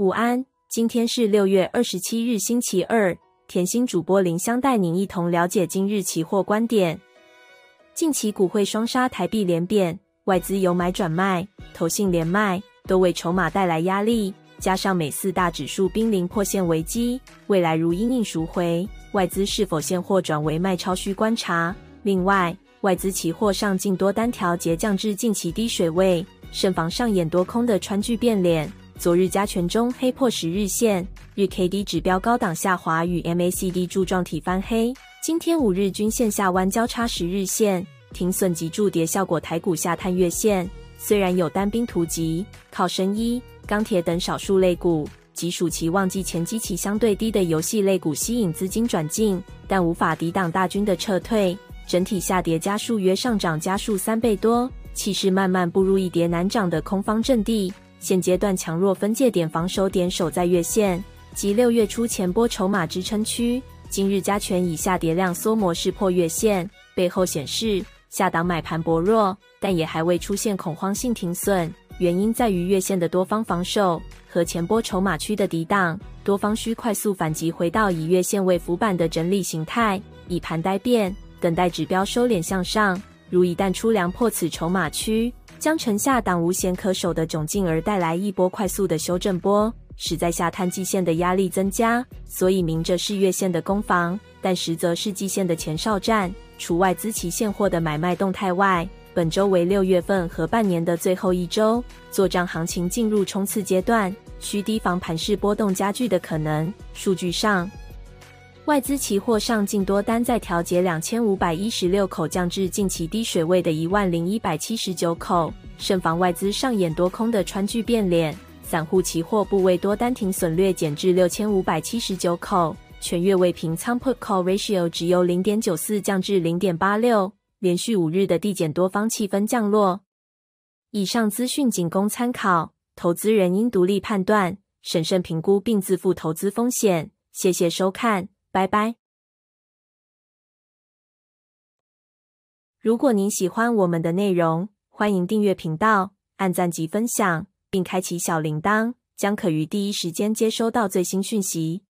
午安，今天是六月二十七日，星期二。甜心主播林香帶您一同了解今日期貨觀點。近期股匯雙殺，台幣連貶，外資由買轉賣，投信連賣，都為籌碼帶來壓力。加上美四大指數瀕臨破線危機，未來如因應贖回，外資是否現貨轉為賣超需觀察。另外，外資期貨上淨多單調節降至近期低水位，慎防上演多空的川劇變臉。昨日加權中黑破十日線，日 K D 指標高檔下滑，與 M A C D 柱狀體翻黑。今天五日均線下彎交叉十日線，停損及助跌效果台股下探月線。雖然有單兵突擊，靠生醫、鋼鐵等少數類股及暑期旺季前基期相對低的遊戲類股吸引資金轉進，但無法抵擋大軍的撤退，整體下跌家數約上漲家數三倍多，氣勢慢慢步入易跌難漲的空方陣地。現階段強弱分界點防守點守在月線，即六月初前波籌碼支撐區，今日加權以下跌量縮模式破月線，背後顯示下檔買盤薄弱，但也還未出現恐慌性停損，原因在於月線的多方防守和前波籌碼區的抵擋，多方需快速反擊回到以月線為浮板的整理形態，以盤待變，等待指標收斂向上。如一旦出量破此籌碼區，將成下檔無險可守的窘境，而帶來一波快速的修正波，使再下探季線的壓力增加。所以明着是月線的攻防，但實則是季線的前哨戰。除外資期現貨的買賣動態外，本周為六月份和半年的最後一周，作帳行情進入衝刺階段，須提防盤勢波動加劇的可能。數據上。外資期貨上淨多單再調節兩千五百一十六口，降至近期低水位的一萬零一百七十九口。慎防外資上演多空的川劇變臉，散戶期貨部位多單停損略減至六千五百七十九口，全月未平倉 Put Call Ratio 值由零點九四降至零點八六，連續五日的遞減，多方氣氛降落。以上資訊僅供參考，投資人應獨立判斷，審慎評估並自負投資風險。謝謝收看。拜拜！如果您喜歡我們的內容，歡迎訂閱頻道、按讚及分享，並開啟小鈴鐺，將可於第一時間接收到最新訊息。